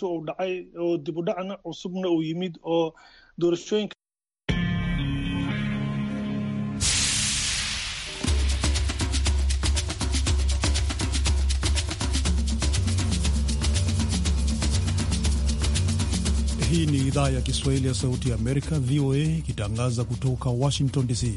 uu dhacay oo dib u dhacna cusubna uu yimid oo doorashooyinka Hii ni idhaa ya Kiswahili ya Sauti ya Amerika, VOA, ikitangaza kutoka Washington DC.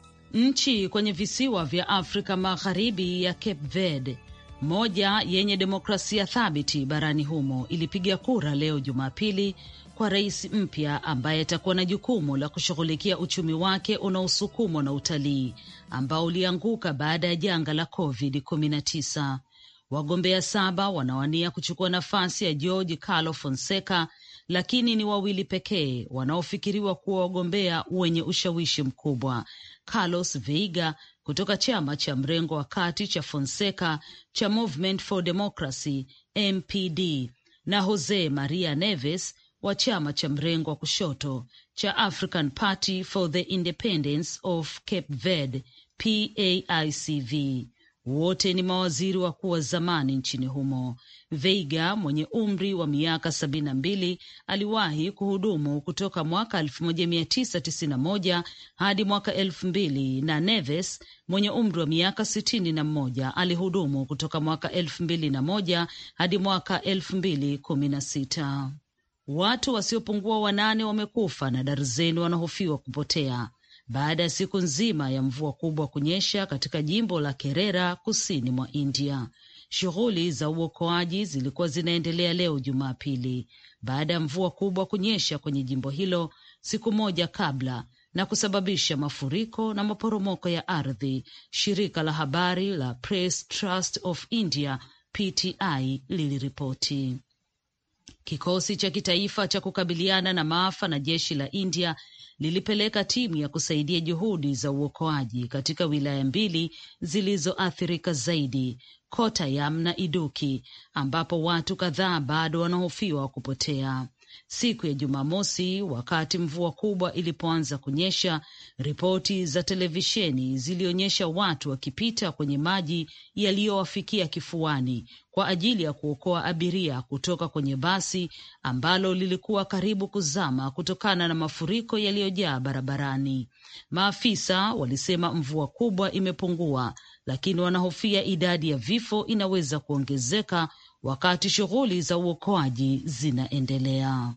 Nchi kwenye visiwa vya Afrika Magharibi ya Cape Verde, moja yenye demokrasia thabiti barani humo, ilipiga kura leo Jumapili kwa rais mpya ambaye atakuwa na jukumu la kushughulikia uchumi wake unaosukumwa na utalii ambao ulianguka baada ya janga la COVID-19. Wagombea saba wanawania kuchukua nafasi ya George Carlo Fonseca, lakini ni wawili pekee wanaofikiriwa kuwa wagombea wenye ushawishi mkubwa Carlos Veiga kutoka chama cha mrengo wa kati cha Fonseca cha Movement for Democracy MPD na Jose Maria Neves wa chama cha mrengo wa kushoto cha African Party for the Independence of Cape Verde PAICV. Wote ni mawaziri wakuu wa zamani nchini humo. Veiga mwenye umri wa miaka sabini na mbili aliwahi kuhudumu kutoka mwaka 1991 hadi mwaka elfu mbili na Neves mwenye umri wa miaka sitini na mmoja alihudumu kutoka mwaka elfu mbili na moja hadi mwaka elfu mbili kumi na sita. Watu wasiopungua wanane wamekufa na darzeni wanahofiwa kupotea baada ya siku nzima ya mvua kubwa kunyesha katika jimbo la Kerala kusini mwa India. Shughuli za uokoaji zilikuwa zinaendelea leo Jumapili baada ya mvua kubwa kunyesha kwenye jimbo hilo siku moja kabla na kusababisha mafuriko na maporomoko ya ardhi. Shirika la habari la Press Trust of India PTI liliripoti. Kikosi cha kitaifa cha kukabiliana na maafa na jeshi la India lilipeleka timu ya kusaidia juhudi za uokoaji katika wilaya mbili zilizoathirika zaidi, kotayam na iduki ambapo watu kadhaa bado wanahofiwa kupotea siku ya Jumamosi wakati mvua kubwa ilipoanza kunyesha. Ripoti za televisheni zilionyesha watu wakipita kwenye maji yaliyowafikia kifuani kwa ajili ya kuokoa abiria kutoka kwenye basi ambalo lilikuwa karibu kuzama kutokana na mafuriko yaliyojaa barabarani. Maafisa walisema mvua kubwa imepungua, lakini wanahofia idadi ya vifo inaweza kuongezeka wakati shughuli za uokoaji zinaendelea.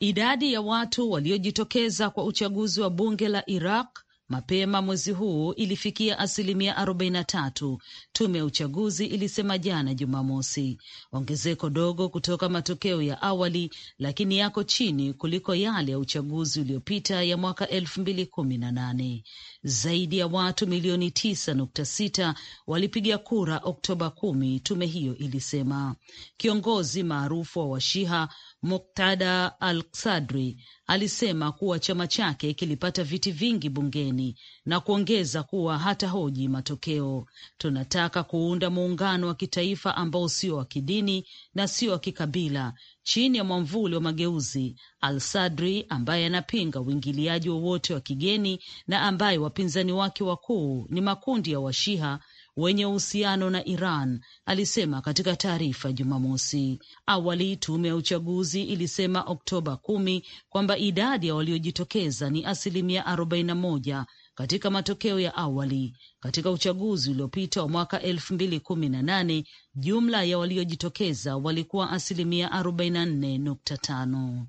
Idadi ya watu waliojitokeza kwa uchaguzi wa bunge la Iraq mapema mwezi huu ilifikia asilimia 43, tume ya uchaguzi ilisema jana Jumamosi, ongezeko dogo kutoka matokeo ya awali, lakini yako chini kuliko yale ya uchaguzi uliopita ya mwaka elfu kumi na nane. Zaidi ya watu milioni 9.6 walipiga kura Oktoba kumi, tume hiyo ilisema. Kiongozi maarufu wa Washiha Muktada al-Sadri alisema kuwa chama chake kilipata viti vingi bungeni na kuongeza kuwa hata hoji matokeo. Tunataka kuunda muungano wa kitaifa ambao sio wa kidini na sio wa kikabila chini ya mwamvuli wa mageuzi. Al-Sadri ambaye anapinga uingiliaji wowote wa kigeni na ambaye wapinzani wake wakuu ni makundi ya Washiha wenye uhusiano na Iran, alisema katika taarifa Jumamosi. Awali tume ya uchaguzi ilisema Oktoba kumi kwamba idadi ya waliojitokeza ni asilimia arobaini na moja katika matokeo ya awali. Katika uchaguzi uliopita wa mwaka elfu mbili kumi na nane jumla ya waliojitokeza walikuwa asilimia arobaini na nne nukta tano.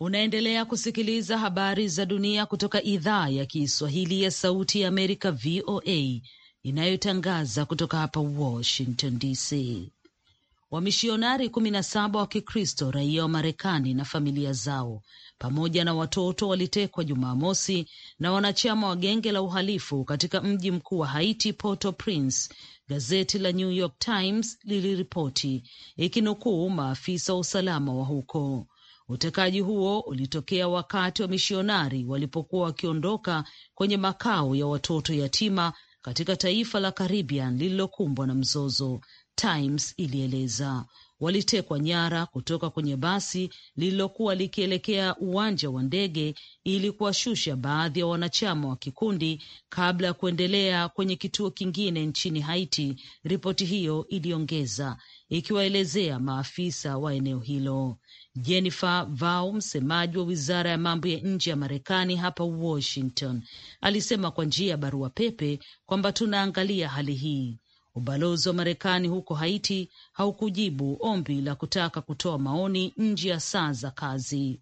Unaendelea kusikiliza habari za dunia kutoka idhaa ya Kiswahili ya Sauti ya Amerika, VOA, inayotangaza kutoka hapa Washington DC. Wamishionari kumi na saba wa Kikristo raia wa Marekani na familia zao pamoja na watoto walitekwa Jumamosi na wanachama wa genge la uhalifu katika mji mkuu wa Haiti, Porto prince gazeti la New York Times liliripoti ikinukuu maafisa wa usalama wa huko. Utekaji huo ulitokea wakati wa mishionari walipokuwa wakiondoka kwenye makao ya watoto yatima katika taifa la Caribbean lililokumbwa na mzozo. Times ilieleza walitekwa nyara kutoka kwenye basi lililokuwa likielekea uwanja wa ndege ili kuwashusha baadhi ya wanachama wa kikundi kabla ya kuendelea kwenye kituo kingine nchini Haiti, ripoti hiyo iliongeza, ikiwaelezea maafisa wa eneo hilo. Jennifer Vau, msemaji wa wizara ya mambo ya nje ya Marekani hapa Washington, alisema kwa njia ya barua pepe kwamba tunaangalia hali hii. Ubalozi wa Marekani huko Haiti haukujibu ombi la kutaka kutoa maoni nje ya saa za kazi.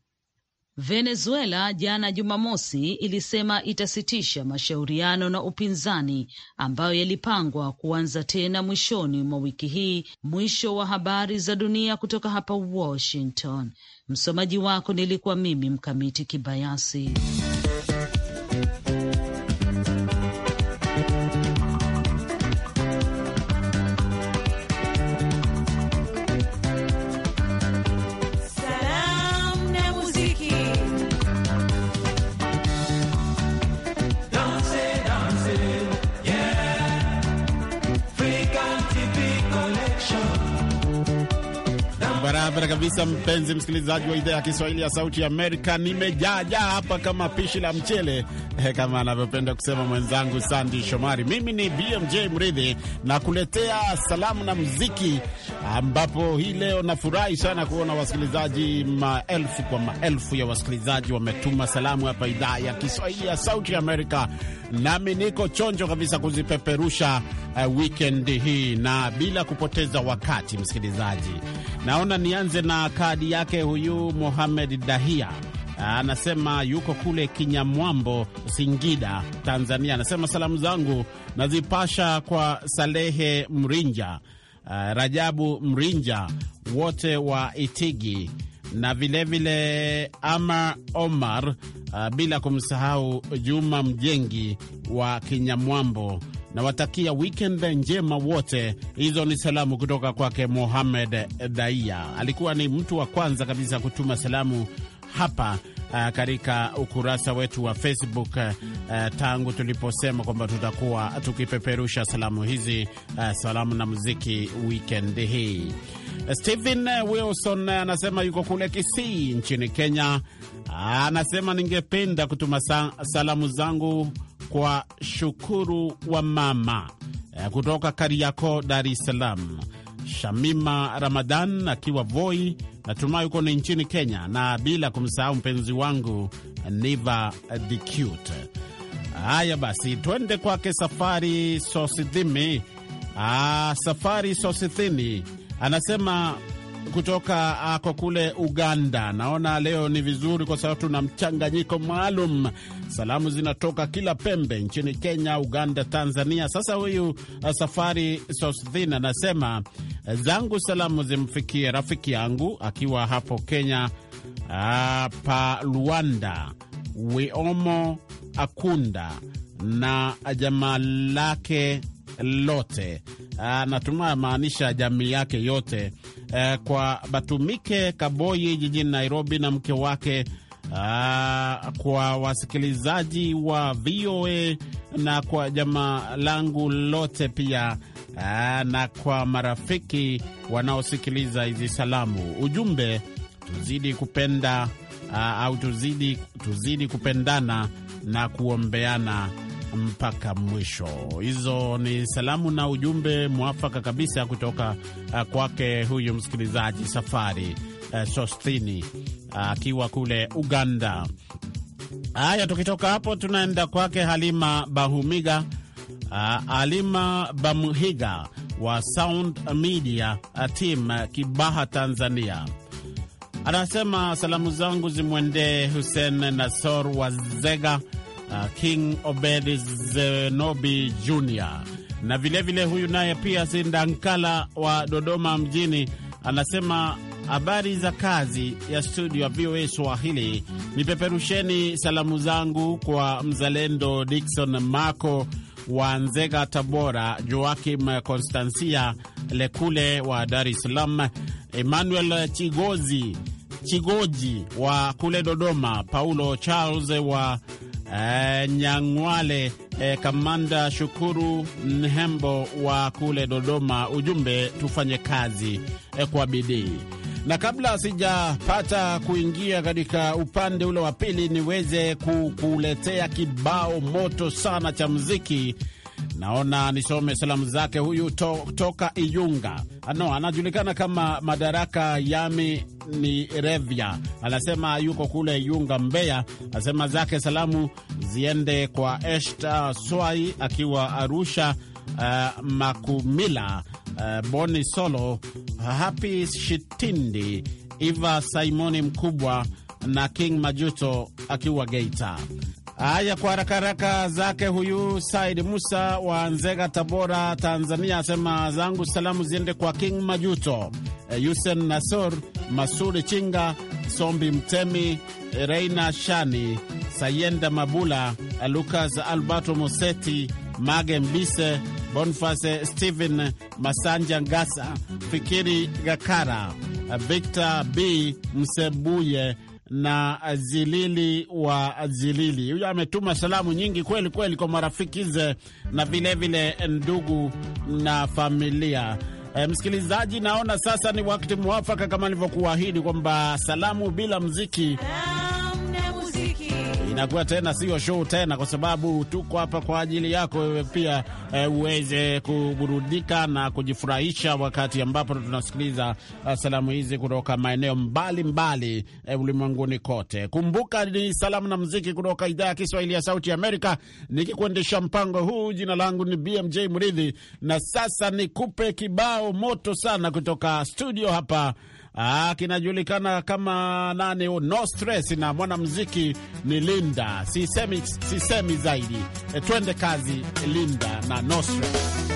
Venezuela jana Jumamosi ilisema itasitisha mashauriano na upinzani ambayo yalipangwa kuanza tena mwishoni mwa wiki hii. Mwisho wa habari za dunia kutoka hapa Washington. Msomaji wako nilikuwa mimi Mkamiti Kibayasi. kabisa, mpenzi msikilizaji wa idhaa ya Kiswahili ya Sauti ya Amerika, nimejaajaa hapa kama pishi la mchele eh, kama anavyopenda kusema mwenzangu Sandi Shomari. Mimi ni BMJ Mridhi na kuletea salamu na muziki ambapo hii leo nafurahi sana kuona wasikilizaji, maelfu kwa maelfu ya wasikilizaji wametuma salamu hapa idhaa ya Kiswahili ya Sauti Amerika, nami niko chonjo kabisa kuzipeperusha uh, eh, wikendi hii na bila kupoteza wakati, msikilizaji, naona nianze na kadi yake huyu Mohamed Dahia anasema yuko kule Kinyamwambo, Singida, Tanzania. Anasema salamu zangu nazipasha kwa Salehe Mrinja, uh, Rajabu Mrinja wote wa Itigi na vilevile Ama Omar uh, bila kumsahau Juma Mjengi wa Kinyamwambo. Nawatakia wikend njema wote. Hizo ni salamu kutoka kwake Mohamed Daia, alikuwa ni mtu wa kwanza kabisa kutuma salamu hapa uh, katika ukurasa wetu wa Facebook uh, tangu tuliposema kwamba tutakuwa tukipeperusha salamu hizi uh, salamu na muziki wikendi hii. Stephen Wilson anasema yuko kule Kisii nchini Kenya. Anasema ningependa kutuma salamu zangu kwa Shukuru wa mama eh, kutoka Kariakoo, Dar es Salaam. Shamima Ramadhan akiwa Voi, natumai huko ni nchini Kenya, na bila kumsahau mpenzi wangu Niva Cute. Haya basi, twende kwake Safari Sosidhimi. Ah, Safari Sosithini anasema kutoka ako ah, kule Uganda. Naona leo ni vizuri kwa sababu tuna mchanganyiko maalum. Salamu zinatoka kila pembe nchini Kenya, Uganda, Tanzania. Sasa huyu ah, Safari Sosthin anasema eh, zangu salamu zimfikie rafiki yangu akiwa hapo Kenya, ah, pa Luanda, Wiomo Akunda na jamaa lake lote, ah, natumai maanisha jamii yake yote, eh, kwa Batumike Kaboyi jijini Nairobi na mke wake. uh, kwa wasikilizaji wa VOA na kwa jamaa langu lote pia uh, na kwa marafiki wanaosikiliza hizi salamu, ujumbe tuzidi kupenda uh, au tuzidi, tuzidi kupendana na kuombeana mpaka mwisho. Hizo ni salamu na ujumbe mwafaka kabisa kutoka uh, kwake huyu msikilizaji Safari uh, Sostini uh, akiwa uh, kule Uganda. Haya, tukitoka hapo tunaenda kwake Halima Bahumiga uh, Halima Bamhiga wa Sound Media uh, Team uh, Kibaha, Tanzania. Anasema salamu zangu zimwendee Hussein Nasor Wazega uh, King Obed Zenobi Jr na vilevile vile huyu naye pia Sindankala wa Dodoma mjini anasema habari za kazi ya studio ya VOA Swahili, nipeperusheni salamu zangu kwa mzalendo Dikson Marco wa Nzega, Tabora, Joakim Constancia Lekule wa Dar es Salaam, Emmanuel Chigozi Chigoji wa kule Dodoma, Paulo Charles wa Eh, Nyang'wale e, Kamanda Shukuru Mhembo wa kule Dodoma. Ujumbe tufanye kazi e, kwa bidii na kabla sijapata kuingia katika upande ule wa pili, niweze kukuletea kibao moto sana cha muziki Naona nisome salamu zake huyu to, toka Iyunga no, anajulikana kama Madaraka Yami ni Revya, anasema yuko kule Iyunga, Mbeya. Anasema zake salamu ziende kwa Eshta Swai akiwa Arusha, uh, Makumila, uh, Boni Solo, Happy Shitindi, iva Simoni Mkubwa na King Majuto akiwa Geita. Haya, kwa haraka haraka zake huyu Said Musa wa Nzega, Tabora, Tanzania, asema zangu salamu ziende kwa King Majuto, eh, Yusen Nasor, Masuri Chinga, Sombi Mtemi, eh, Reina Shani, Sayenda Mabula, eh, Lukas Alberto Moseti, Mage Mbise, Bonface Stephen Masanja Ngasa, Fikiri Gakara, Victor B Msebuye na Zilili wa Zilili. Huyo ametuma salamu nyingi kweli kweli kwa marafiki ze na vilevile vile ndugu na familia. E, msikilizaji, naona sasa ni wakati mwafaka kama nilivyokuahidi kwamba salamu bila mziki inakuwa tena sio show tena, kwa sababu tuko hapa kwa ajili yako wewe pia e, uweze kuburudika na kujifurahisha wakati ambapo tunasikiliza eh, salamu hizi kutoka maeneo mbalimbali e, ulimwenguni kote. Kumbuka ni salamu na muziki kutoka idhaa ya Kiswahili ya Sauti Amerika, nikikuendesha mpango huu. Jina langu ni BMJ Mridhi, na sasa nikupe kibao moto sana kutoka studio hapa Ah, kinajulikana kama nani, no stress, na mwanamuziki ni Linda. Sisemi, sisemi zaidi. E, twende kazi Linda na no stress.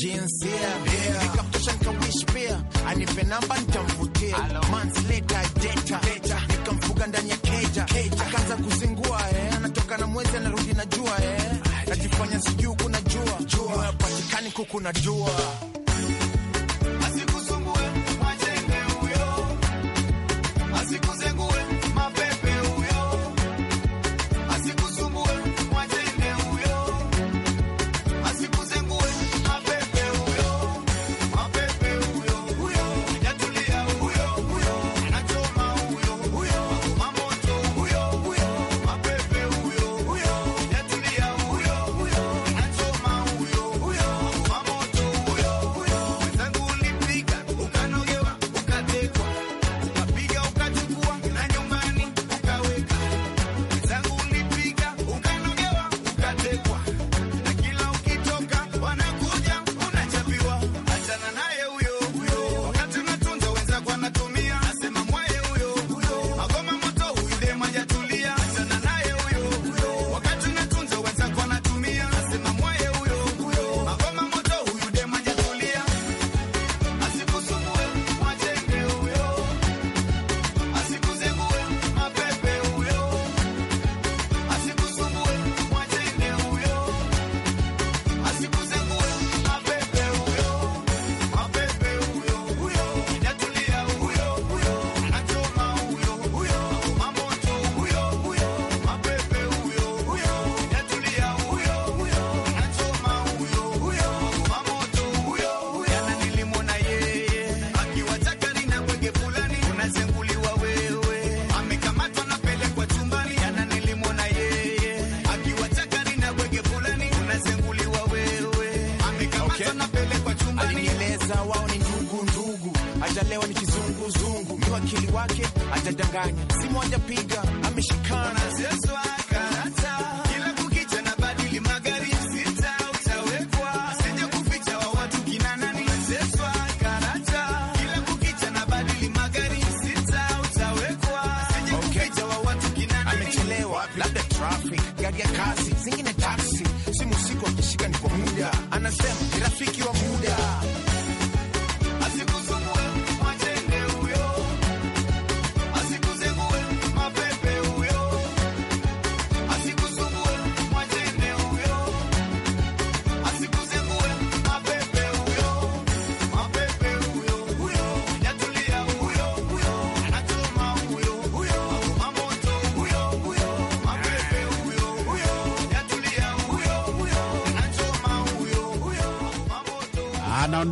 jinsia vikartosha nikawish pia anipe namba nitamvutia mansleta deta nikamfuga ndani ya keja akaanza kuzingua eh, anatoka na mwezi anarudi na jua eh, najifanya sijuu kuna jua hapatikani kuku na jua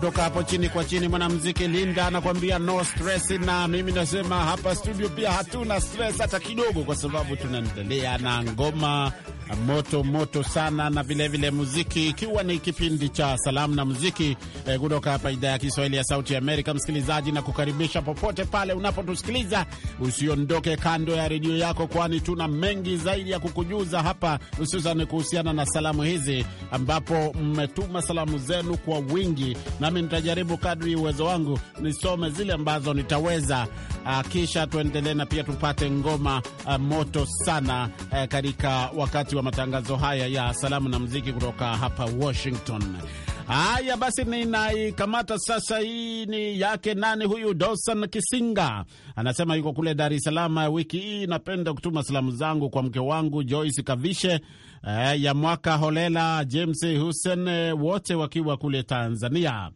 kutoka hapo chini kwa chini, mwanamziki Linda anakuambia no stress, na mimi nasema hapa studio pia hatuna stress hata kidogo, kwa sababu tunaendelea na ngoma moto moto sana, na vilevile vile muziki, ikiwa ni kipindi cha salamu na muziki eh, kutoka hapa idhaa ya Kiswahili ya Sauti ya Amerika. Msikilizaji, na kukaribisha popote pale unapotusikiliza, usiondoke kando ya redio yako, kwani tuna mengi zaidi ya kukujuza hapa, hususan kuhusiana na salamu hizi, ambapo mmetuma salamu zenu kwa wingi, nami nitajaribu kadri uwezo wangu nisome zile ambazo nitaweza uh, kisha tuendelee na pia tupate ngoma uh, moto sana uh, katika wakati wa matangazo haya ya salamu na mziki kutoka hapa Washington. Haya basi, ninaikamata sasa. Hii ni yake nani huyu? Dosan Kisinga anasema yuko kule Dar es Salaam. Eh, wiki hii napenda kutuma salamu zangu kwa mke wangu Joyce Kavishe eh, ya mwaka Holela, James Hussein, eh, wote wakiwa kule Tanzania.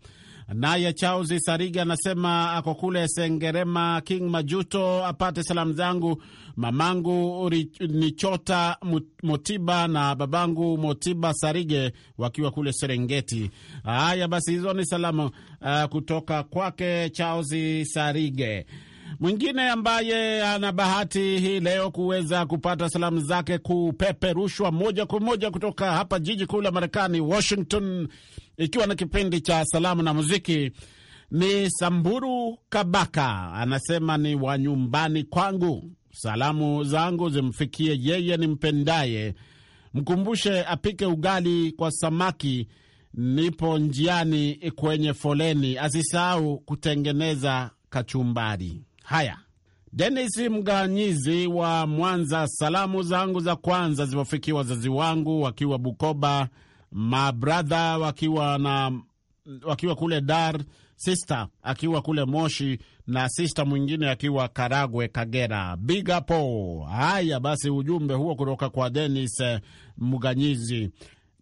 Naye Charles Sariga anasema ako kule Sengerema, King Majuto apate salamu zangu mamangu Nichota Motiba na babangu Motiba Sarige wakiwa kule Serengeti. Haya basi, hizo ni salamu uh, kutoka kwake Charles Sarige. Mwingine ambaye ana bahati hii leo kuweza kupata salamu zake kupeperushwa moja kwa moja kutoka hapa jiji kuu la Marekani, Washington, ikiwa na kipindi cha salamu na muziki ni Samburu Kabaka. Anasema ni wa nyumbani kwangu, salamu zangu zimfikie yeye nimpendaye, mkumbushe apike ugali kwa samaki nipo njiani kwenye foleni, asisahau kutengeneza kachumbari. Haya, Denis mganyizi wa Mwanza, salamu zangu za kwanza zimefikia wazazi wangu wakiwa Bukoba, mabradha wakiwa na wakiwa kule Dar, sista akiwa kule Moshi na sista mwingine akiwa Karagwe, Kagera. Big up. Haya basi, ujumbe huo kutoka kwa Denis Mganyizi.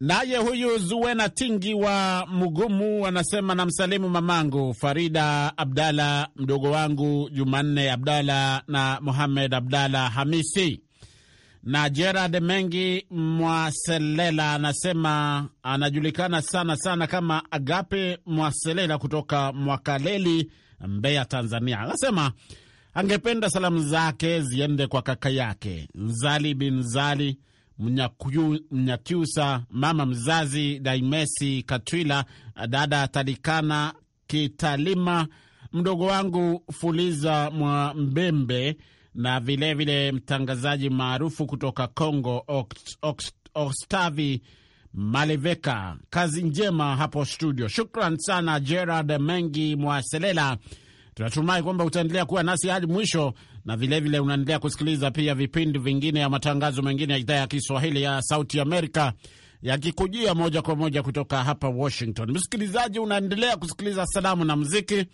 Naye huyu Zuena Tingi wa Mugumu anasema namsalimu mamangu Farida Abdala, mdogo wangu Jumanne Abdala na muhamed Abdala Hamisi. Na Gerard Mengi Mwaselela anasema anajulikana sana sana kama Agape Mwaselela kutoka Mwakaleli, Mbeya, Tanzania. Anasema angependa salamu zake ziende kwa kaka yake Nzali binzali Mnyakyusa, mama mzazi Daimesi Katwila, dada Talikana Kitalima, mdogo wangu Fuliza mwa Mbembe na vilevile vile mtangazaji maarufu kutoka Congo Oct, Oct, Ostavi Maleveka. Kazi njema hapo studio. Shukran sana Gerard Mengi Mwaselela. Tunatumai kwamba utaendelea kuwa nasi hadi mwisho na vilevile unaendelea kusikiliza pia vipindi vingine ya matangazo mengine ya idhaa ya Kiswahili ya Sauti Amerika yakikujia moja kwa moja kutoka hapa Washington. Msikilizaji, unaendelea kusikiliza salamu na muziki,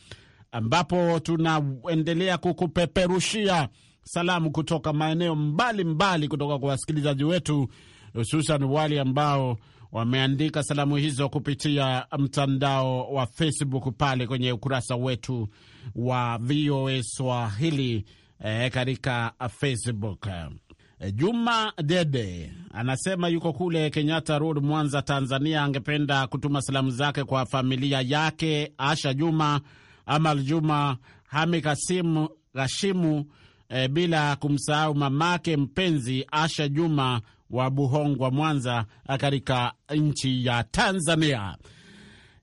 ambapo tunaendelea kukupeperushia salamu kutoka maeneo mbalimbali mbali kutoka kwa wasikilizaji wetu, hususan wale ambao wameandika salamu hizo kupitia mtandao wa Facebook pale kwenye ukurasa wetu wa VOA Swahili eh, katika Facebook. Eh, Juma Dede anasema yuko kule Kenyatta Road, Mwanza, Tanzania. Angependa kutuma salamu zake kwa familia yake Asha Juma, Amal Juma, Hami Kasimu Kashimu, e, bila kumsahau mamake mpenzi Asha Juma wa Buhongwa, Mwanza, eh, katika nchi ya Tanzania.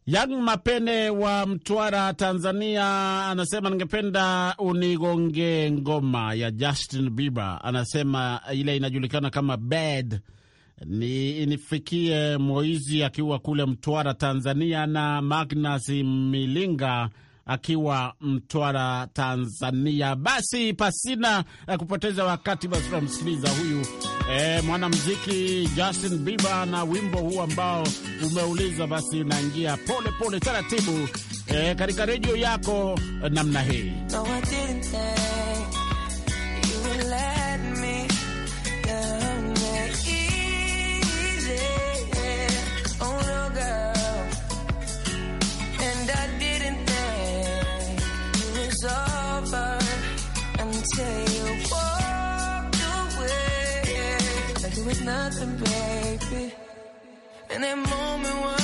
Young Mapene wa Mtwara, Tanzania, anasema ningependa unigonge ngoma ya Justin Bieber. Anasema ile inajulikana kama Bad ni inifikie Moizi akiwa kule Mtwara, Tanzania, na Magnus Milinga akiwa Mtwara, Tanzania. Basi pasina eh, kupoteza wakati, basi tunamsikiliza huyu eh, mwanamuziki Justin Bieber na wimbo huu ambao umeuliza, basi unaingia pole pole taratibu eh, katika redio yako eh, namna hii no, something, baby. And that moment was.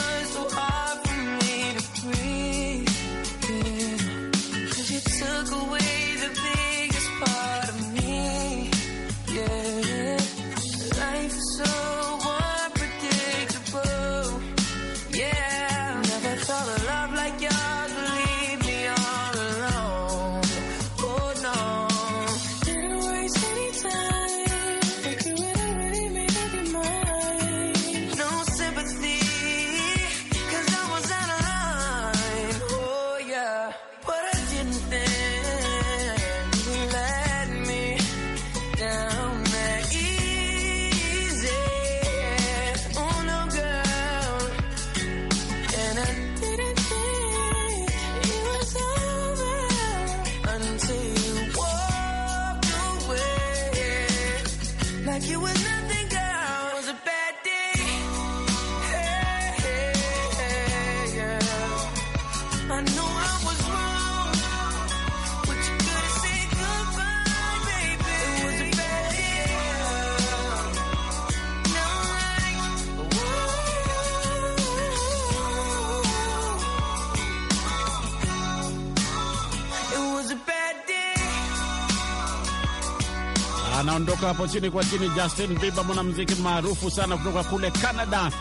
anaondoka hapo chini kwa chini. Justin Bieber, mwanamuziki maarufu sana kutoka kule Canada,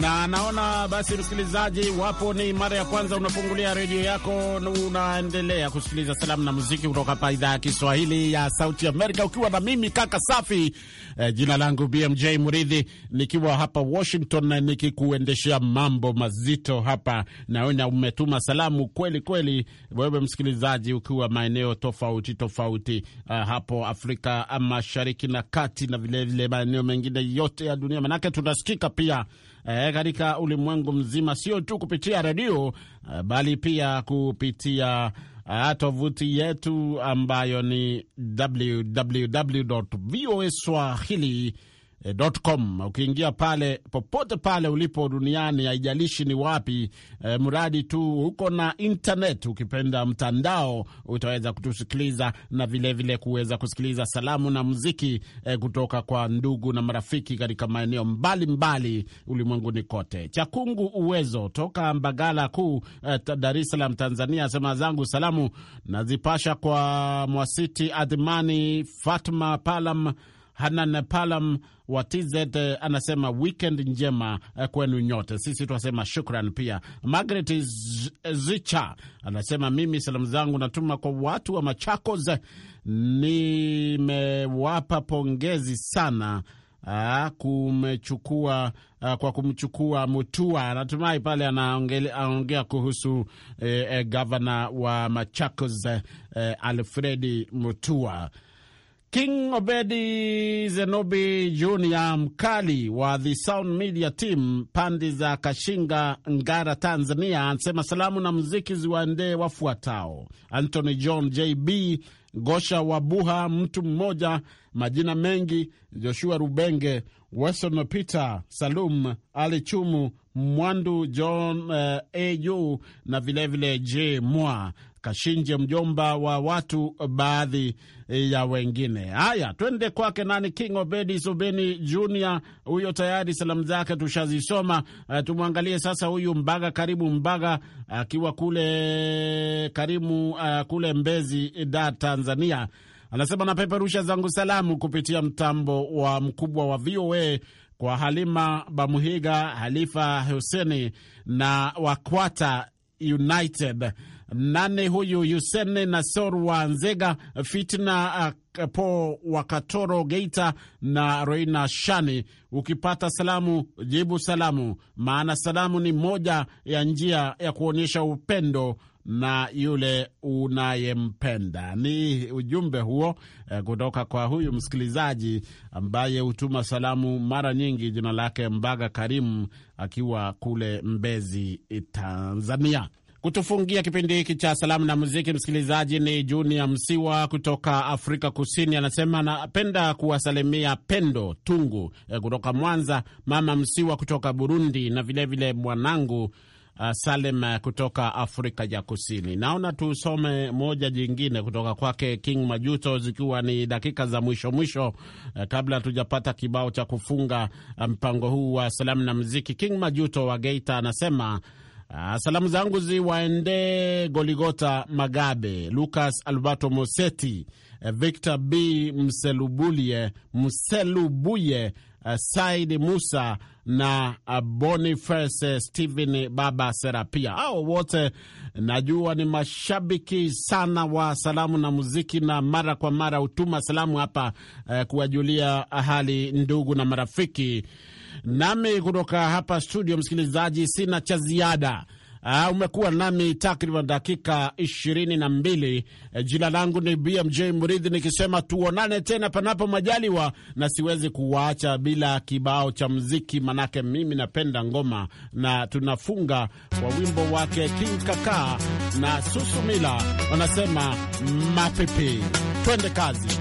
na naona basi, msikilizaji wapo, ni mara ya kwanza unafungulia redio yako, unaendelea kusikiliza salamu na muziki kutoka hapa idhaa ya Kiswahili ya Sauti Amerika, ukiwa na mimi kaka safi eh, jina langu BMJ Muridhi, nikiwa hapa Washington nikikuendeshea mambo mazito hapa. Naona umetuma salamu kweli kweli, wewe msikilizaji, ukiwa maeneo tofauti tofauti, eh, hapo Afrika eh, Mashariki na Kati na vilevile maeneo mengine yote ya dunia, manake tunasikika pia eh, katika ulimwengu mzima, sio tu kupitia redio eh, bali pia kupitia eh, tovuti yetu ambayo ni www voa swahili Eh, com. Ukiingia pale popote pale ulipo duniani, haijalishi ni wapi e, mradi tu uko na internet, ukipenda mtandao, utaweza kutusikiliza na vilevile kuweza kusikiliza salamu na muziki e, kutoka kwa ndugu na marafiki katika maeneo mbalimbali ulimwenguni kote. Chakungu Uwezo toka Mbagala Kuu, e, Dar es Salaam, Tanzania, asema zangu salamu nazipasha kwa Mwasiti Adhimani, Fatma Palam Hanan Palam wa TZ eh, anasema weekend njema eh, kwenu nyote. Sisi twasema shukran. Pia Margaret Zicha anasema mimi salamu zangu natuma kwa watu wa Machakos, nimewapa pongezi sana Aa, ah, kumechukua ah, kwa kumchukua Mutua. Natumai pale anaongea kuhusu eh, eh, gavana wa Machakos eh, Alfredi Mutua. King Obedi Zenobi Junior, mkali wa The Sound Media Team, pandi za Kashinga, Ngara, Tanzania, anasema salamu na muziki ziwaendee wafuatao: Anthony John JB Gosha Wabuha, mtu mmoja, majina mengi, Joshua Rubenge, Weston Peter, Salum Ali Chumu, Mwandu John uh, eh, au na vilevile J Mwa Kashinje, mjomba wa watu baadhi ya wengine. Haya, twende kwake nani, King Obedi Subeni Junior. Huyo tayari salamu zake tushazisoma. Uh, tumwangalie sasa huyu Mbaga Karibu Mbaga akiwa uh, kule karibu uh, kule Mbezi da Tanzania, anasema napeperusha zangu salamu kupitia mtambo wa mkubwa wa VOA kwa Halima Bamuhiga, Halifa Huseni na Wakwata United nane huyu Yusene Nasor wa Nzega, Fitna uh, Po Wakatoro Geita na Roina Shani. Ukipata salamu jibu salamu, maana salamu ni moja ya njia ya kuonyesha upendo na yule unayempenda. Ni ujumbe huo eh, kutoka kwa huyu msikilizaji ambaye hutuma salamu mara nyingi. Jina lake Mbaga Karimu akiwa kule Mbezi, Tanzania. Kutufungia kipindi hiki cha salamu na muziki, msikilizaji, ni junia Msiwa kutoka Afrika Kusini. Anasema anapenda kuwasalimia Pendo Tungu eh, kutoka Mwanza, mama Msiwa kutoka Burundi na vilevile vile mwanangu Uh, Salem eh, kutoka Afrika ya Kusini. Naona tusome moja jingine kutoka kwake King Majuto, zikiwa ni dakika za mwisho mwisho, uh, kabla hatujapata kibao cha kufunga mpango um, huu wa salamu na muziki. King Majuto wa Geita anasema Ah, salamu zangu ziwaendee Goligota Magabe, Lucas Alberto Moseti, eh, Victor B Mselubulie, Mselubuye, eh, Said Musa na eh, Boniface Stephen Baba Serapia. Hao wote najua ni mashabiki sana wa salamu na muziki, na mara kwa mara hutuma salamu hapa kuwajulia hali ndugu na marafiki nami kutoka hapa studio. Msikilizaji, sina cha ziada. Uh, umekuwa nami takriban dakika ishirini na mbili. Eh, jina langu ni BMJ Mridhi nikisema tuonane tena panapo majaliwa, na siwezi kuwaacha bila kibao cha mziki, manake mimi napenda ngoma, na tunafunga kwa wimbo wake King Kaka na Susumila wanasema mapipi. Twende kazi.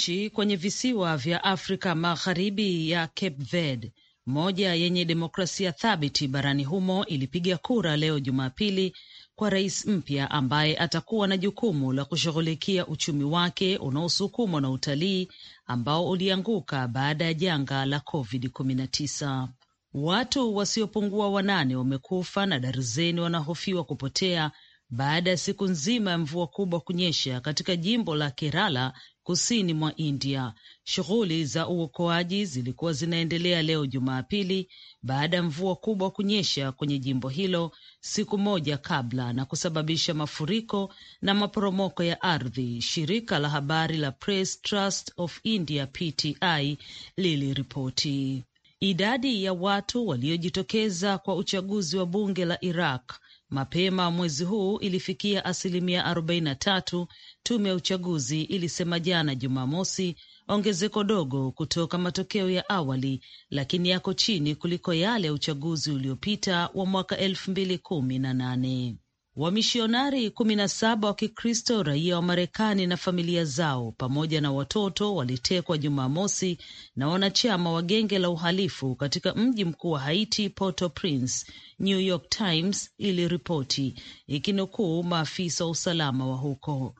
nchi kwenye visiwa vya Afrika Magharibi ya Cape Verde, moja yenye demokrasia thabiti barani humo, ilipiga kura leo Jumapili kwa rais mpya ambaye atakuwa na jukumu la kushughulikia uchumi wake unaosukumwa na utalii ambao ulianguka baada ya janga la COVID-19. Watu wasiopungua wanane wamekufa na darzeni wanahofiwa kupotea baada ya siku nzima ya mvua kubwa kunyesha katika jimbo la Kerala kusini mwa India. Shughuli za uokoaji zilikuwa zinaendelea leo Jumapili baada ya mvua kubwa kunyesha kwenye jimbo hilo siku moja kabla na kusababisha mafuriko na maporomoko ya ardhi, shirika la habari la Press Trust of India PTI liliripoti. Idadi ya watu waliojitokeza kwa uchaguzi wa bunge la Iraq mapema mwezi huu ilifikia asilimia 43 tume ya uchaguzi ilisema jana Jumamosi, ongezeko dogo kutoka matokeo ya awali, lakini yako chini kuliko yale ya uchaguzi uliopita wa mwaka elfu mbili kumi na nane. Wamishionari kumi na saba wa Kikristo raia wa Marekani na familia zao pamoja na watoto walitekwa Jumamosi na wanachama wa genge la uhalifu katika mji mkuu wa Haiti, Port-au-Prince, New York Times iliripoti ikinukuu maafisa wa usalama wa huko.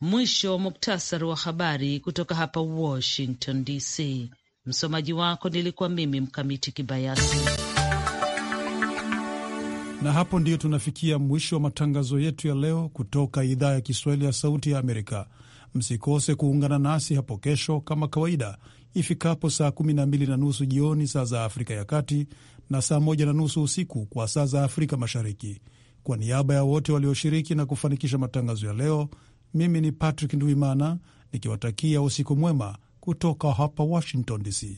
Mwisho wa muktasari wa habari kutoka hapa Washington DC. Msomaji wako nilikuwa mimi Mkamiti Kibayasi, na hapo ndiyo tunafikia mwisho wa matangazo yetu ya leo kutoka idhaa ya Kiswahili ya Sauti ya Amerika. Msikose kuungana nasi hapo kesho kama kawaida ifikapo saa 12 na nusu jioni saa za Afrika ya Kati na saa moja na nusu usiku kwa saa za Afrika Mashariki. Kwa niaba ya wote walioshiriki na kufanikisha matangazo ya leo mimi ni Patrick Nduimana nikiwatakia usiku mwema kutoka hapa Washington DC.